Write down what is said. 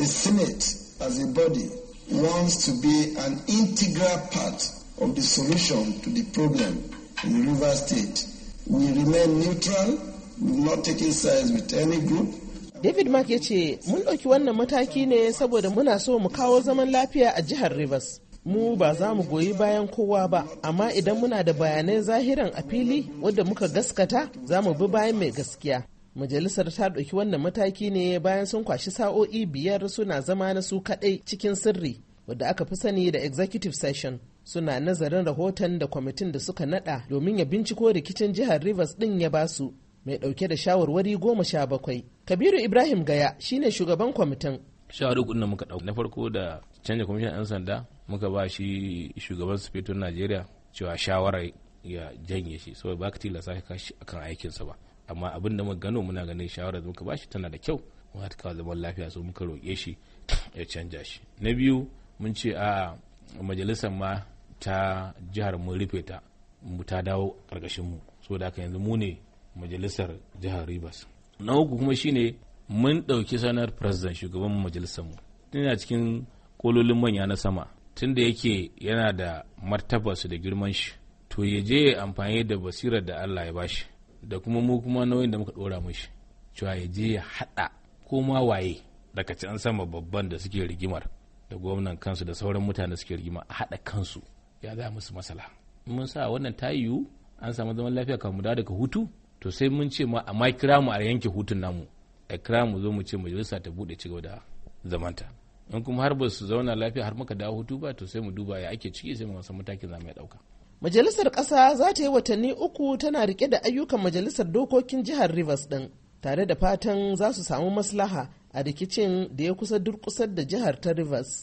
The Senate as a body wants to be an integral part of the solution to the problem in the River State. We remain neutral, we not taking sides with any group. David Mark ya ce, Mun ɗauki wannan mataki ne saboda muna so mu kawo zaman lafiya a jihar Rivers. Mu ba za mu goyi bayan kowa ba, amma idan muna da bayanai zahiran a fili wadda muka gaskata za mu bi bayan mai gaskiya. Majalisar ta ɗauki wannan mataki ne bayan sun kwashi sa'o'i biyar suna zama na su kaɗai cikin sirri wadda aka fi sani da executive session suna nazarin rahoton da kwamitin da suka nada domin ya binciko rikicin jihar Rivers ɗin ya basu mai ɗauke da shawarwari goma sha bakwai. Kabiru Ibrahim Gaya shine shugaban kwamitin. Shawarar kudin muka ɗauka na farko da canja kwamishin 'yan sanda muka ba shi shugaban sufetun Najeriya cewa shawarar ya janye shi saboda ba ka tilasta shi akan aikinsa ba. amma abin da muka gano muna ganin shawarar da muka bashi tana da kyau mun haɗa kawai zaman lafiya so muka roƙe shi ya canja shi na biyu mun ce a majalisar ma ta jihar mun rufe ta mu ta dawo ƙarƙashin mu so da haka yanzu mu ne majalisar jihar Rivers na uku kuma shine mun ɗauki sanar president shugaban majalisar mu tana cikin kololin manya na sama tun da yake yana da martabarsu da girman shi to ya je amfani da basirar da Allah ya bashi da kuma mu kuma nauyin da muka dora mishi cewa ya je ya haɗa koma waye daga can sama babban da suke rigimar da gwamnan kansu da sauran mutane suke rigima a haɗa kansu ya za musu masala mun sa wannan ta yiwu an samu zaman lafiya kan mu daga hutu to sai mun ce ma a ma kira mu a yanke hutun namu a kira mu zo mu ce majalisa ta bude ci gaba da zamanta in kuma har ba su zauna lafiya har muka dawo hutu ba to sai mu duba ya ake ciki sai mu san matakin za mu ya dauka Majalisar ƙasa za ta yi watanni uku tana rike da ayyukan majalisar dokokin jihar Rivers ɗin, tare da fatan za su samu maslaha a rikicin da ya kusa durkusar da jihar ta Rivers.